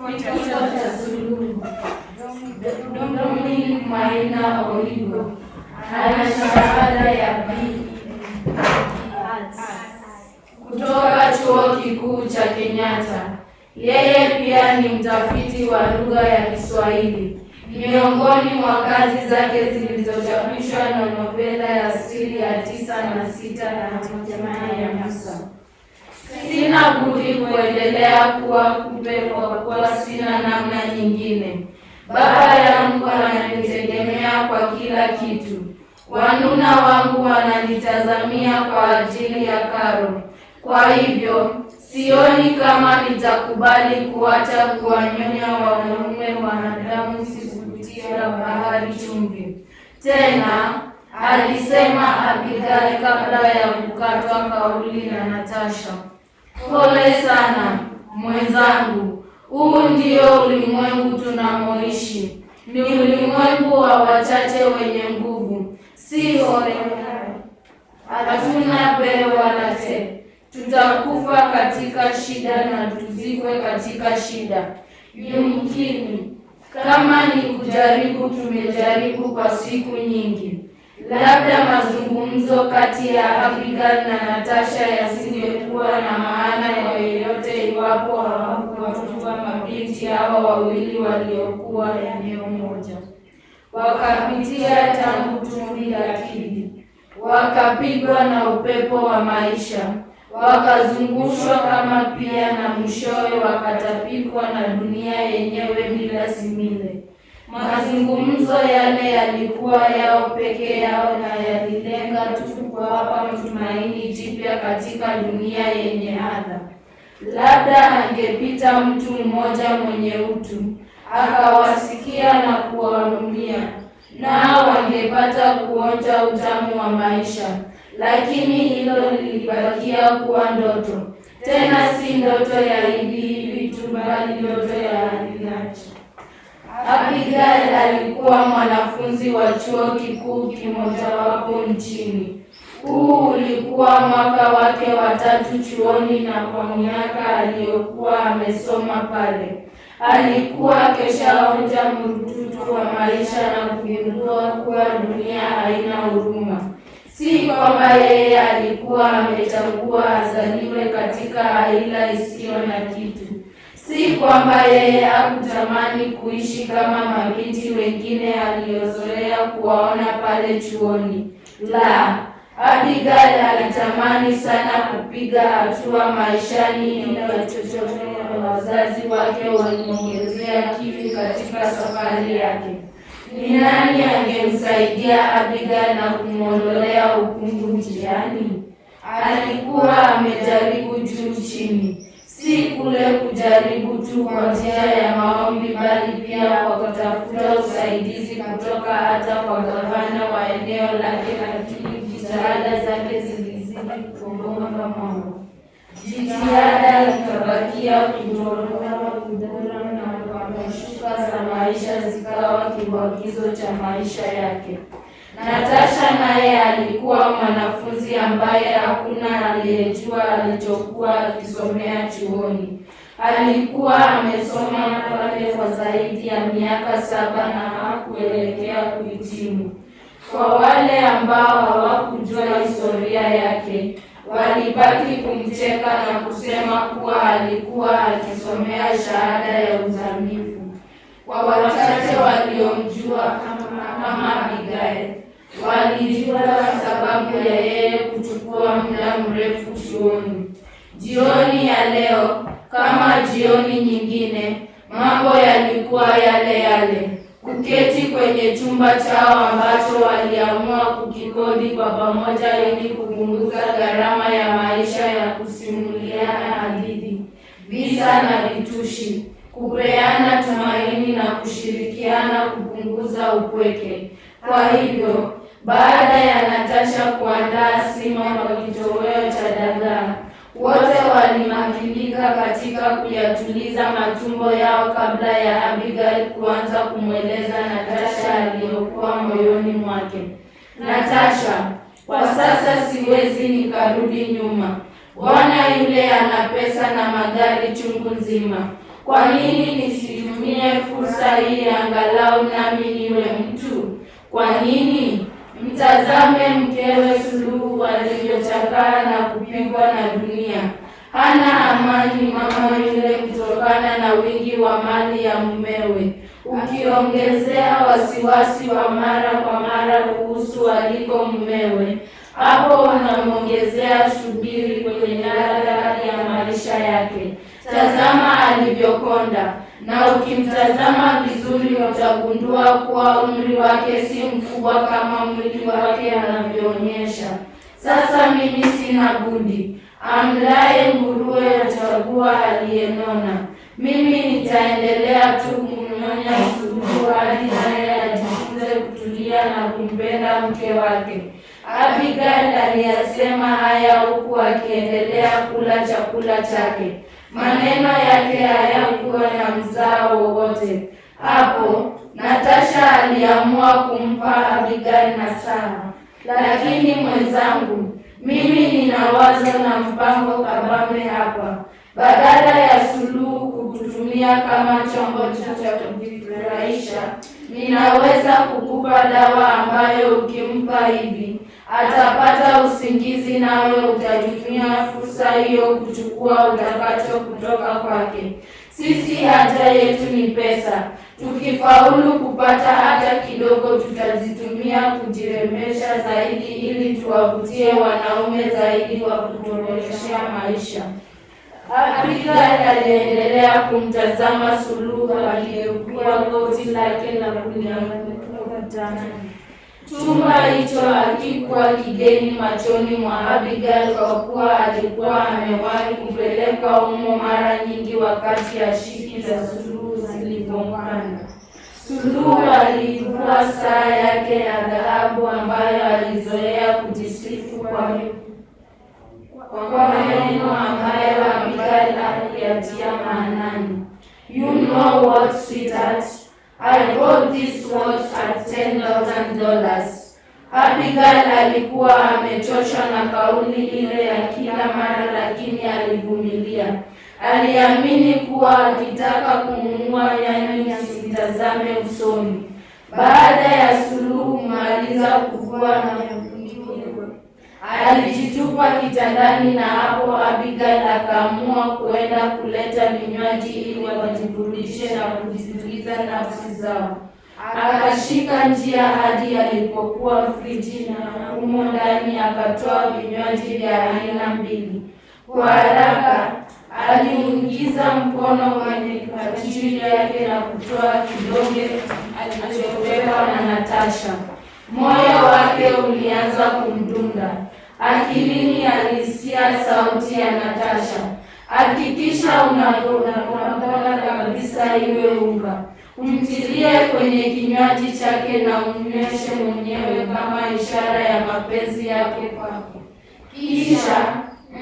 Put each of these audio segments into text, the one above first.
Kijito cha Suluhu, Dominic Maina Oigo ana shahada ya B kutoka Chuo Kikuu cha Kenyatta. Yeye pia ni mtafiti wa lugha ya Kiswahili. Miongoni mwa kazi zake zilizochapishwa na novela ya siri ya tisa na sita na sina budi kuendelea kuwa kupe kwa kuwa sina namna nyingine. Baba yangu ananitegemea kwa kila kitu, wanuna wangu wananitazamia kwa ajili ya karo. Kwa hivyo sioni kama nitakubali kuacha kuwanyonya wanaume wanadamu sikutia bahari chumvi. Tena alisema Abigaili kabla ya kukatwa kauli na Natasha. Pole sana mwenzangu, huu ndio ulimwengu tunamoishi, ni ulimwengu wa wachache wenye nguvu. Si ole, hatuna bee wala te tutakufa katika shida na tuzikwe katika shida. Yumkini kama ni kujaribu, tumejaribu kwa siku nyingi. Labda mazungumzo kati ya Abigail na Natasha yasinge kuwa na maana yeyote iwapo hawakuwachukua mabinti hawa wawili waliokuwa eneo moja. Wakapitia tangu la akili, wakapigwa na upepo wa maisha, wakazungushwa kama pia na mwishowe wakatapikwa na dunia yenyewe bila simile. Mazungumzo yale yalikuwa yao peke yao na yalilenga tu kuwapa mtumaini jipya katika dunia yenye adha. Labda angepita mtu mmoja mwenye utu akawasikia na kuwahurumia, nao wangepata kuonja utamu wa maisha. Lakini hilo lilibakia kuwa ndoto, tena si ndoto ya hivi hivi tu, bali ndoto Igal alikuwa mwanafunzi wa chuo kikuu kimojawapo nchini. Huu ulikuwa mwaka wake wa tatu chuoni, na kwa miaka aliyokuwa amesoma pale alikuwa akeshaonja mtutu wa maisha na kugundua kuwa dunia haina huruma. Si kwamba yeye alikuwa amechagua azaliwe katika aila isiyo na kitu si kwamba yeye hakutamani kuishi kama mabinti wengine aliyozoea kuwaona pale chuoni. La, Abigail alitamani sana kupiga hatua maishani, ila wachochomea wazazi wake walimwongezea kivi katika safari yake. Ni nani angemsaidia Abigail na kumwondolea ukungu njiani? Alikuwa amejaribu juu chini si kule kujaribu tu kwa njia ya maombi, bali pia kwa kutafuta usaidizi kutoka hata kwa gavana wa eneo lake, lakini jitihada zake zilizidi kugonga mwamba. Jitihada zikabakia kudorora kudorora, na kwa mashuka za maisha zikawa kibwagizo cha maisha yake. Natasha naye alikuwa mwanafunzi ambaye hakuna aliyejua alichokuwa akisomea chuoni. Alikuwa amesoma pale kwa zaidi ya miaka saba na hakuelekea kuhitimu. Kwa wale ambao hawakujua historia yake, walibaki kumcheka na kusema kuwa alikuwa akisomea shahada ya uzamivu. Kwa wachache waliomjua kama Abigail walijua sababu ya yeye kuchukua muda mrefu chuoni. Jioni ya leo kama jioni nyingine, mambo yalikuwa yale yale, kuketi kwenye chumba chao ambacho waliamua kukikodi kwa pamoja ili kupunguza gharama ya maisha ya kusimuliana hadithi, visa na vitushi, kupeana tumaini na kushirikiana kupunguza upweke. Kwa hivyo baada ya Natasha kuandaa sima kwa kitoweo cha dagaa, wote walimakilika katika kuyatuliza matumbo yao kabla ya Abigail kuanza kumweleza Natasha aliyokuwa moyoni mwake. Natasha, kwa sasa siwezi nikarudi nyuma. Bwana yule ana pesa na magari chungu nzima. Kwa nini nisitumie fursa hii angalau nami niwe mtu? Kwa nini? Mtazame mkewe Suluhu alivyochakaa na kupigwa na dunia. Hana amani mama yule kutokana na wingi wa mali ya mumewe, ukiongezea wasiwasi wa mara kwa mara kuhusu aliko mumewe. Hapo unamwongezea subiri kwenye daraja ya maisha yake. Tazama alivyokonda na ukimtazama vizuri utagundua kuwa umri wake si mkubwa kama mwili wake anavyoonyesha. Sasa mimi sina budi, amlaye nguruwe atagua aliyenona. Mimi nitaendelea tu kumnyonya usubuhu hadi naye ajifunze kutulia na kumpenda mke wake. Abigail aliyasema haya huku akiendelea kula chakula chake maneno yake hayakuwa na mzaa wowote. Hapo Natasha aliamua kumpa Abigail na Sara. Lakini mwenzangu, mimi nina wazo na mpango kabambe hapa, badala ya suluhu kututumia kama chombo cha kujifurahisha, ninaweza kukupa dawa ambayo ukimpa hivi atapata usingizi, nawe utatumia fursa hiyo kuchukua utakacho kutoka kwake. Sisi haja yetu ni pesa. Tukifaulu kupata hata kidogo, tutazitumia kujirembesha zaidi, ili tuwavutie wanaume zaidi wa kutuboreshea maisha. afrika aliendelea kumtazama Suluhu aliyekuwa goti lake na kulia kutoka Chumba hicho hakikuwa kigeni machoni mwa Abigail kwa kuwa alikuwa amewahi kupelekwa humo mara nyingi wakati ya shiki za Suluhu zilipongana. Suluhu aliivua saa yake ya dhahabu ambayo alizoea kujisifu kwa kwa maneno ambayo Abigail aliyatia maanani. You know what sweetheart I bought this watch at dollars. Abigail alikuwa amechoshwa na kauli ile ya kila mara, lakini alivumilia. Aliamini kuwa akitaka kununua yani asitazame usoni. Baada ya suluhu kumaliza kuvua na Alijitupa kitandani na hapo Abigail akaamua kuenda kuleta vinywaji ili wajiburudishe na kujituliza nafsi zao. Akashika njia hadi alipokuwa friji, na humo ndani akatoa vinywaji vya aina mbili. Kwa haraka aliingiza mkono kwenye kachiri yake na kutoa kidonge alichopewa na Natasha. Moyo wake uli Akilini alisikia sauti ya Natasha, hakikisha unapona kabisa iwe unga, umtilie kwenye kinywaji chake na umnyweshe mwenyewe kama ishara ya mapenzi yake kwako, kisha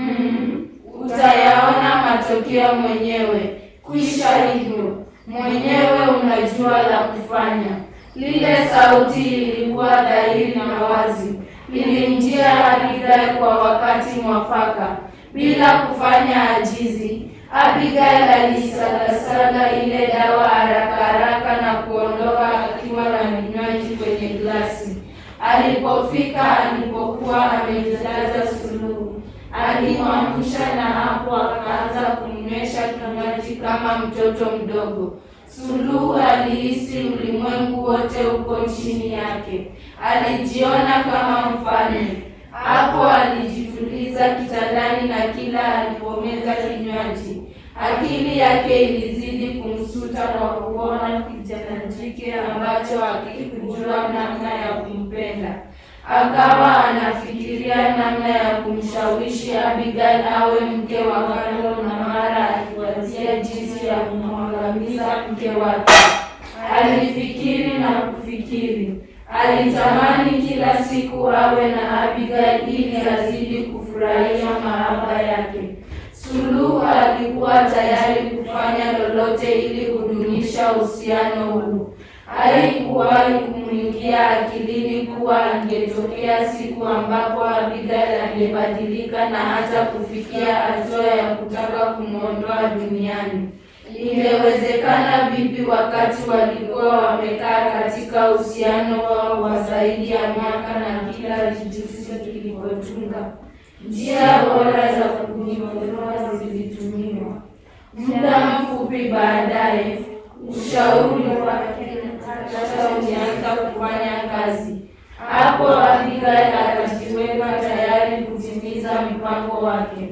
mm, utayaona matokeo mwenyewe. kisha hivyo mwenyewe unajua la kufanya. Lile sauti ilikuwa dhahiri na wazi lilimjia Abigail kwa wakati mwafaka bila kufanya ajizi. Abigail alisalasala ile dawa haraka haraka na kuondoka akiwa na minywaji kwenye glasi. Alipofika alipokuwa amejilaza suluhu, alimwamsha na hapo akaanza kumnywesha kinywaji kama mtoto mdogo. Suluhu alihisi ulimwengu wote uko chini yake, alijiona kama mfalme. Hapo alijituliza kitandani, na kila alipomeza kinywaji akili yake ilizidi kumsuta kwa kuona kijana jike ambacho akikujua namna ya kumpenda. Akawa anafikiria namna ya kumshawishi Abigail awe mke wa Karlo, na mara akiwazia jinsi ya kumwangamiza mke wake. Alifikiri na kufikiri, alitamani kila siku awe na Abigaili ili azidi kufurahia mahaba yake. Suluhu alikuwa tayari kufanya lolote ili kudumisha uhusiano huu. Haikuwahi kumwingia akilini kuwa angetokea siku ambapo Abigail angebadilika na hata kufikia hatua ya kutaka kumwondoa duniani. Imewezekana vipi wakati walikuwa wamekaa katika uhusiano wao wa zaidi ya miaka na kila kijusi kilipotunga? Njia bora za kujiondoa zilitumiwa. Muda mfupi baadaye, ushauri wake Natasha ulianza kufanya kazi. Hapo Abigail akajiweka tayari kutimiza mpango wake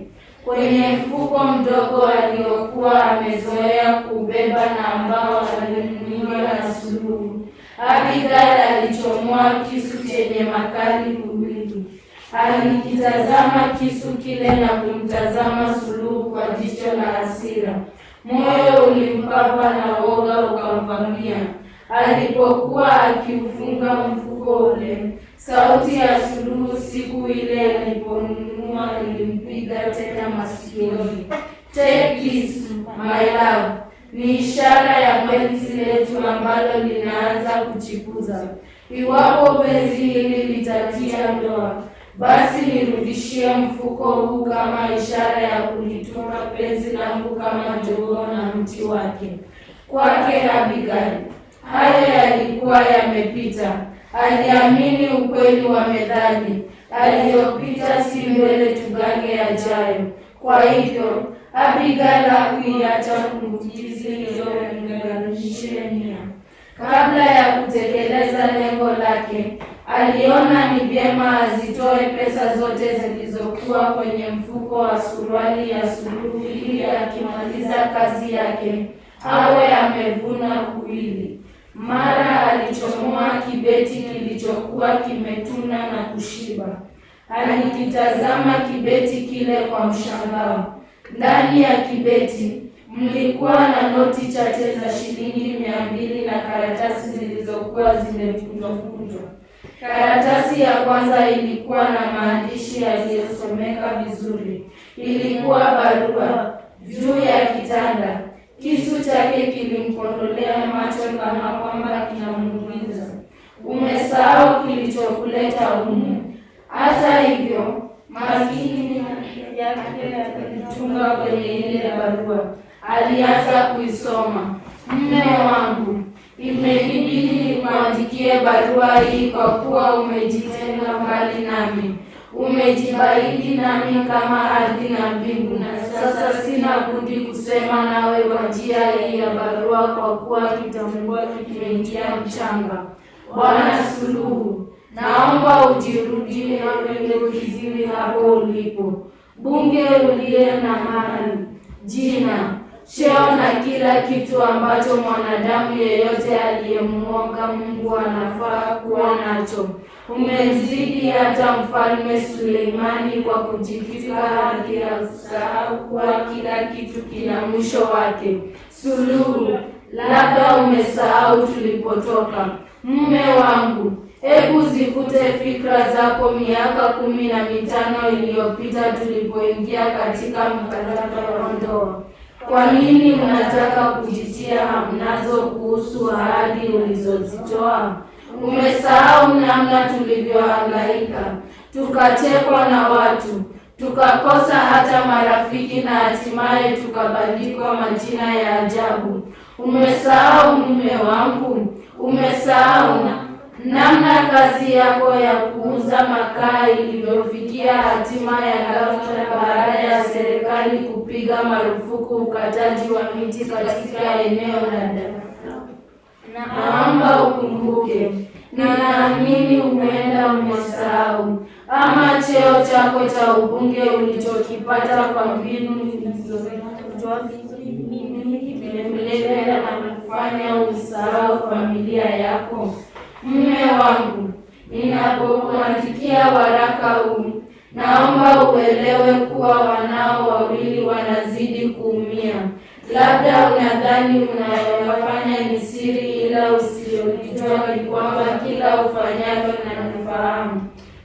kwenye mfuko mdogo aliokuwa amezoea kubeba na ambao alinunuliwa na Suluhu. Abigail alichomoa kisu chenye makali kuwili, alikitazama kisu kile na kumtazama Suluhu kwa jicho la hasira. Moyo ulimpapa na woga ukamvamia. Alipokuwa akiufunga mfuko ule Sauti ya suluhu siku ile aliponunua ilimpiga tena masikioni. Take this my love ni ishara ya penzi letu ambalo linaanza kuchipuza. Iwapo penzi hili litatia ndoa, basi nirudishie mfuko huu kama ishara ya kulitunga penzi langu kama jogoo na mti wake. Kwake Abigail, haya yalikuwa yamepita aliamini ukweli wa methali, aliyopita si mbele tugange ajayo Kwa hivyo Abigala huiacha kumbukizi hizo nia. Kabla ya kutekeleza lengo lake, aliona ni vyema azitoe pesa zote zilizokuwa kwenye mfuko wa suruali ya Suluhu ili akimaliza kazi yake awe amevuna kuili. Mara alichomoa kilichokuwa kimetuna na kushiba. Alikitazama kibeti kile kwa mshangao. Ndani ya kibeti mlikuwa na noti chache za shilingi mia mbili na karatasi zilizokuwa zimekunjwakunjwa. Karatasi ya kwanza ilikuwa na maandishi yaliyosomeka vizuri. Ilikuwa barua juu ya kitanda. Kisu chake kilimkondolea macho kama kwamba kinamnunua umesahau kilichokuleta humu. Hata hivyo, maskini yake alitunga kwenye ile barua, alianza kuisoma. Mme wangu, imebidi nikuandikie barua hii kwa kuwa umejitenga mbali nami, umejibaidi nami kama ardhi na mbingu, na sasa sina budi kusema nawe kwa njia hii ya barua, kwa kuwa kitambo kimeingia mchanga Bwana Suluhu, naomba ujirudie kwenye kiziwi hapo ulipo, bunge uliye na mali, jina, cheo na kila kitu ambacho mwanadamu yeyote aliyemwoga Mungu anafaa kuwa nacho. umezidi hata mfalme Suleimani kwa kujikita hadi ya usahau kuwa kila kitu kina mwisho wake. Suluhu, labda umesahau tulipotoka Mume wangu, hebu zifute fikra zako miaka kumi na mitano iliyopita tulipoingia katika mkataba wa ndoa. Kwa nini unataka kujitia hamnazo kuhusu ahadi ulizozitoa? Umesahau namna tulivyohangaika, tukatekwa na watu, tukakosa hata marafiki na hatimaye tukabandikwa majina ya ajabu. Umesahau mume wangu? umesahau namna kazi yako ya kuuza makaa ilivyofikia hatima ya ghafla baada ya serikali kupiga marufuku ukataji wa miti katika eneo la Dar. Naomba ukumbuke, ninaamini umeenda umesahau, ama cheo chako cha ubunge ulichokipata kwa mbinu hizo kufanya usahau familia yako? Mme wangu, ninapokuandikia waraka huu, naomba uelewe kuwa wanao wawili wanazidi kuumia. Labda unadhani unayofanya ni siri, ila usiojua ni kwamba kila ufanyalo na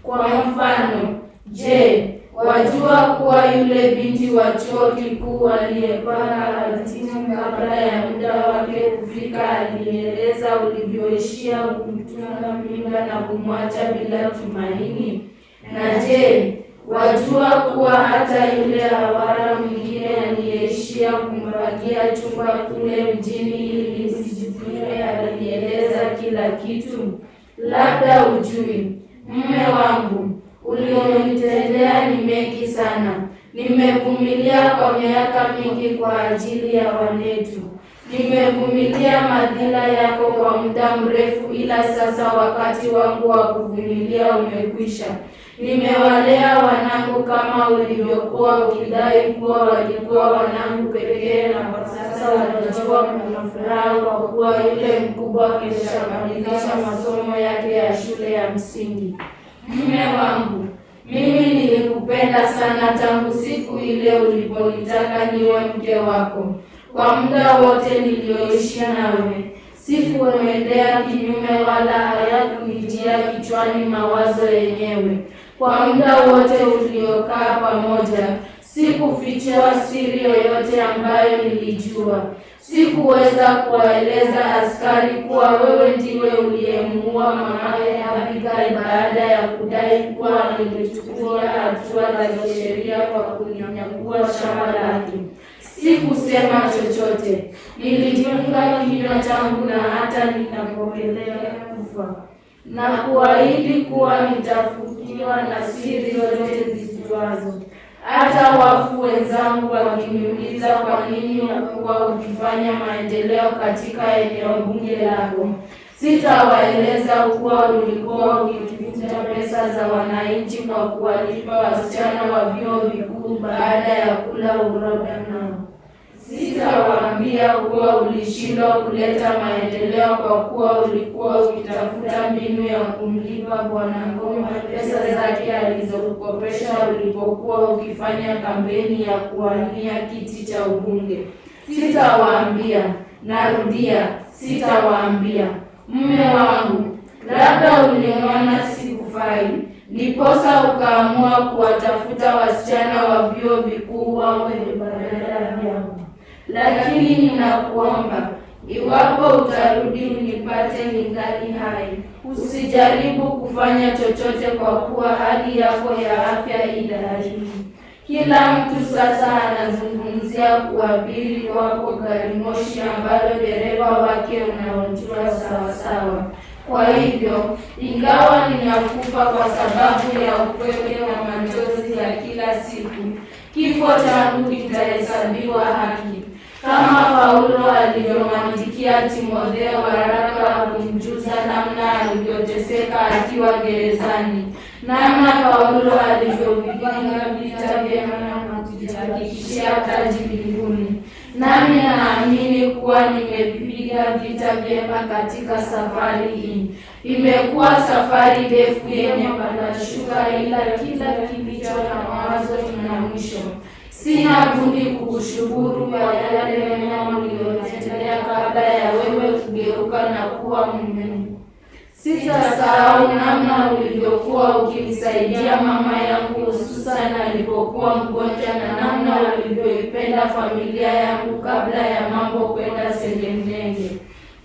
Kwa mfano, je, Wajua kuwa yule binti wa chuo kikuu aliyepanda altini kabla ya muda wake kufika alieleza ulivyoishia kumtunga mimba na kumwacha bila tumaini? Na je, wajua kuwa hata yule hawara mwingine aliyeishia kumbakia chumba kule mjini ili isijifunye alieleza kila kitu? Labda ujui, mme wangu ulionitendea ni mengi sana. Nimevumilia kwa miaka mingi kwa ajili ya wanetu. Nimevumilia madhila yako kwa muda mrefu, ila sasa wakati wangu wa kuvumilia umekwisha. Nimewalea wanangu kama ulivyokuwa ukidai kuwa walikuwa wanangu pekee, na kwa sasa wanajua kuna furaha kwa kuwa yule mkubwa ameshamalizisha masomo yake ya shule ya msingi mume wangu, mimi nilikupenda sana tangu siku ile uliponitaka niwe mke wako. Kwa muda wote nilioishi nawe, sikuendea kinyume, wala hayakunijia kichwani mawazo yenyewe. Kwa muda wote uliokaa pamoja, sikufichewa siri yoyote ambayo nilijua Sikuweza kuwaeleza askari kuwa wewe ndiwe uliyemuua mamaye Abigai baada ya kudai kuwa nilichukua hatua za kisheria kwa kulinyakua shamba lake. Sikusema chochote, nilijifunga kinywa changu na hata ninapoelekea kufa na kuahidi kuwa nitafukiwa na siri zote zijuazo hata wafu wenzangu wakiniuliza kwa nini nakuwa ukifanya maendeleo katika eneo bunge langu, sitawaeleza kuwa ulikuwa ukivuta pesa za wananchi kwa kuwalipa wasichana wa vyuo vikuu baada ya kula uroda na Sitawaambia kuwa ulishindwa kuleta maendeleo kwa kuwa ulikuwa ukitafuta mbinu ya kumlipa Bwana Ngoma pesa zake alizokukopesha ulipokuwa ukifanya kampeni ya kuwania kiti cha ubunge. Sitawaambia, narudia, sitawaambia. Mume wangu, labda uliona sikufai, ndiposa ukaamua kuwatafuta wasichana wa vyuo vikuu wawe badala lakini ninakuomba iwapo utarudi unipate ningali hai. Usijaribu kufanya chochote kwa kuwa hali yako ya afya ila Kila mtu sasa anazungumzia kuabiri wako gari moshi ambalo dereva wake unaojua sawasawa. Kwa hivyo ingawa ninakufa kwa sababu ya upweke wa machozi ya kila siku, kifo changu kitahesabiwa haki alivyomwandikia Timotheo waraka kumjuza namna alivyoteseka akiwa gerezani, namna Paulo alivyovipinga vita vyema na kujihakikishia taji mbinguni. Nami naamini kuwa nimepiga vita vyema katika safari hii. Imekuwa safari ndefu yenye pandashuka, ila kila kilicho na mawazo kina mwisho. Sina budi kukushukuru kwa yale mema uliyotendea kabla ya wewe kugeuka na kuwa mume. Sitasahau namna ulivyokuwa ukinisaidia mama yangu, hususan alipokuwa mgonjwa, na namna ulivyoipenda familia yangu kabla ya mambo kwenda sengemnenge.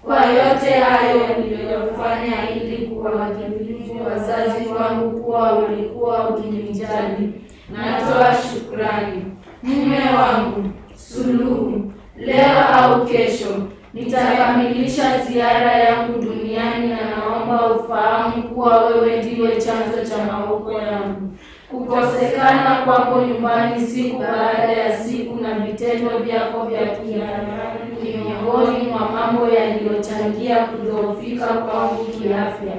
Kwa yote hayo uliyofanya ili kuwajibu wazazi wangu kuwa ulikuwa ukinijali, natoa shukrani mume wangu Suluhu, leo au kesho nitakamilisha ziara yangu duniani, na naomba ufahamu kuwa wewe ndiwe chanzo cha maoko yangu. Kukosekana kwako nyumbani siku baada ya siku na vitendo vyako vya kinyama ni miongoni mwa mambo yaliyochangia kudhoofika kwangu kiafya.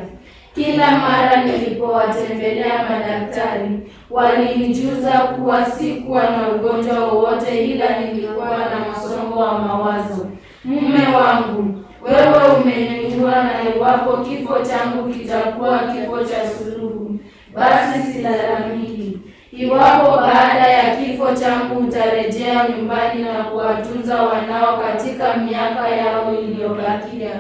Kila mara nilipowatembelea madaktari, walinijuza kuwa sikuwa na ugonjwa wowote, ila nilikuwa na msongo wa mawazo. Mume wangu, wewe umenijua, na iwapo kifo changu kitakuwa kifo cha suluhu, basi silalamiki. Iwapo baada ya kifo changu utarejea nyumbani na kuwatunza wanao katika miaka yao iliyobakia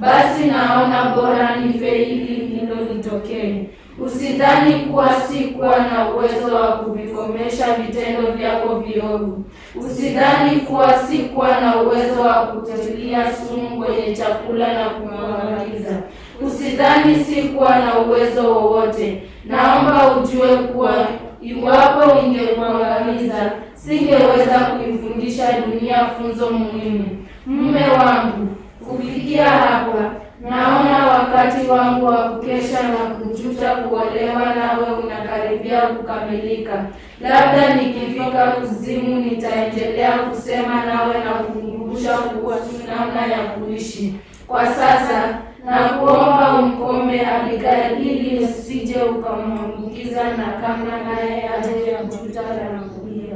basi naona bora nife ili litokee. Usidhani kuwa si kuwa na uwezo wa kuvikomesha vitendo vyako viovu. Usidhani kuwa si kuwa na uwezo wa kutilia sumu kwenye chakula na kumwangamiza. Usidhani si kuwa na uwezo wowote. Naomba ujue kuwa iwapo ingemwangamiza, singeweza kuifundisha dunia funzo muhimu. Mume wangu Kufikia hapa, naona wakati wangu wa kukesha na kujuta kuolewa nawe unakaribia kukamilika. Labda nikifika kuzimu, nitaendelea kusema nawe na kukumbusha kuhusu namna ya kuishi kwa sasa na kuomba umkome alika ili usije ukamwambukiza na kama naye aje ya kujuta na kulia.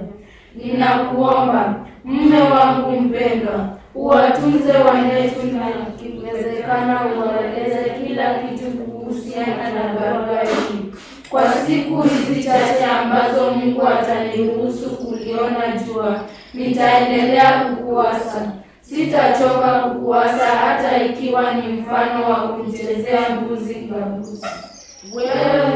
Ninakuomba mme wangu mpendwa uwatunze wanetu na ikiwezekana uwaeleze kila kitu kuhusiana na barua hii kwa siku hizi chache ambazo Mungu ataniruhusu kuliona jua, nitaendelea kukuasa. Sitachoka kukuasa hata ikiwa ni mfano wa kumchezea mbuzi kwa mbuzi. Wewe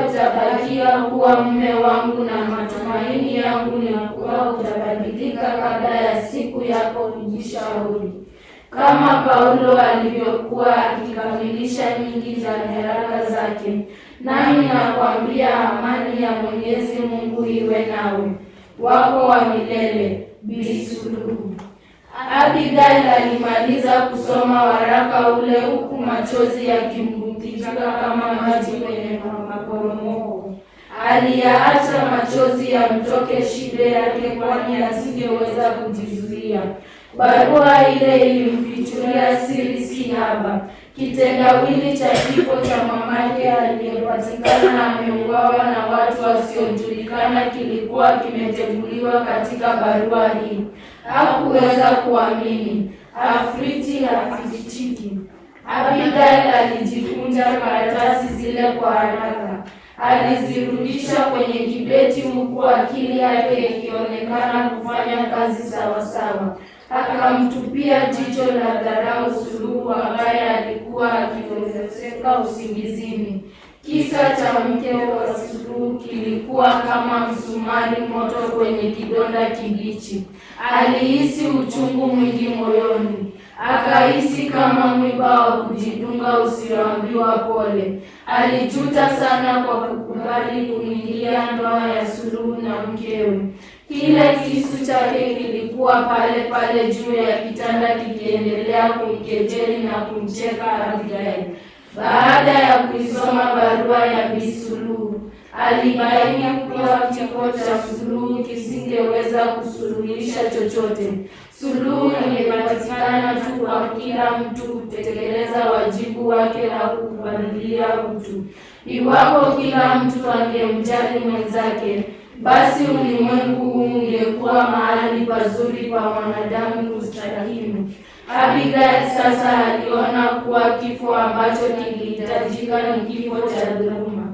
utabakia kuwa mume wangu na matumaini yangu ni kuwa utabadilika kabla ya siku yako kujishauri, kama Paulo alivyokuwa akikamilisha nyingi za nyaraka zake. Nami nakwambia amani ya Mwenyezi Mungu iwe nawe. Wako wa milele Bisuluhu. Suluhu. Abigail alimaliza kusoma waraka ule huku machozi yakimbukitika kama maji aliyaacha machozi yamtoke shide yake, kwani asingeweza kujizuia. Barua ile ilimfichulia siri si haba, kitendawili cha kifo cha mamake aliyepatikana ameuawa na watu wasiojulikana kilikuwa kimeteguliwa katika barua hii. Hakuweza kuamini, afriti hafichiki. Abigail alijikunja karatasi zile kwa haraka alizirudisha kwenye kibeti, huku akili yake ikionekana kufanya kazi sawasawa. Akamtupia jicho la dharau Suluhu, ambaye alikuwa akiongezeka usingizini. Kisa cha mkeo wa Suluhu kilikuwa kama msumari moto kwenye kidonda kibichi. Alihisi uchungu mwingi moyoni akahisi kama mwiba wa kujidunga usioambiwa pole. Alijuta sana kwa kukubali kuingilia ndoa ya Suluhu na mkewe. Kile kisu chake kilikuwa pale pale juu ya kitanda kikiendelea kumkejeli na kumcheka Abigail. Baada ya kuisoma barua ya Bi Suluhu, alibaini kuwa kifo cha Suluhu kisingeweza kusuluhisha chochote. Suluhu imepatikana tu kwa kila mtu kutekeleza wajibu wake na kumbadilia utu. Iwapo kila mtu angemjali mwenzake, basi ulimwengu huu ungekuwa mahali pazuri kwa mwanadamu kustahimu. Abigaili sasa aliona kuwa kifo ambacho kilihitajika ni kifo cha dhuluma,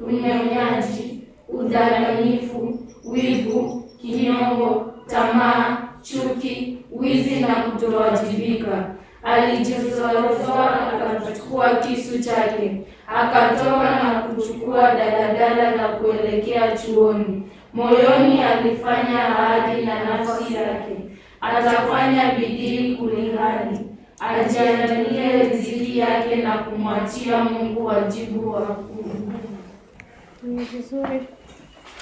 unyonyaji, udhalifu, wivu, kinyongo, tamaa chuki, wizi na kutowajibika. Alijizorofaa akachukua kisu chake, akatoka na kuchukua daladala na kuelekea chuoni. Moyoni alifanya ahadi na nafsi yake, atafanya bidii kulihani, ajiandalie riziki yake na kumwachia Mungu wajibu wa kuu.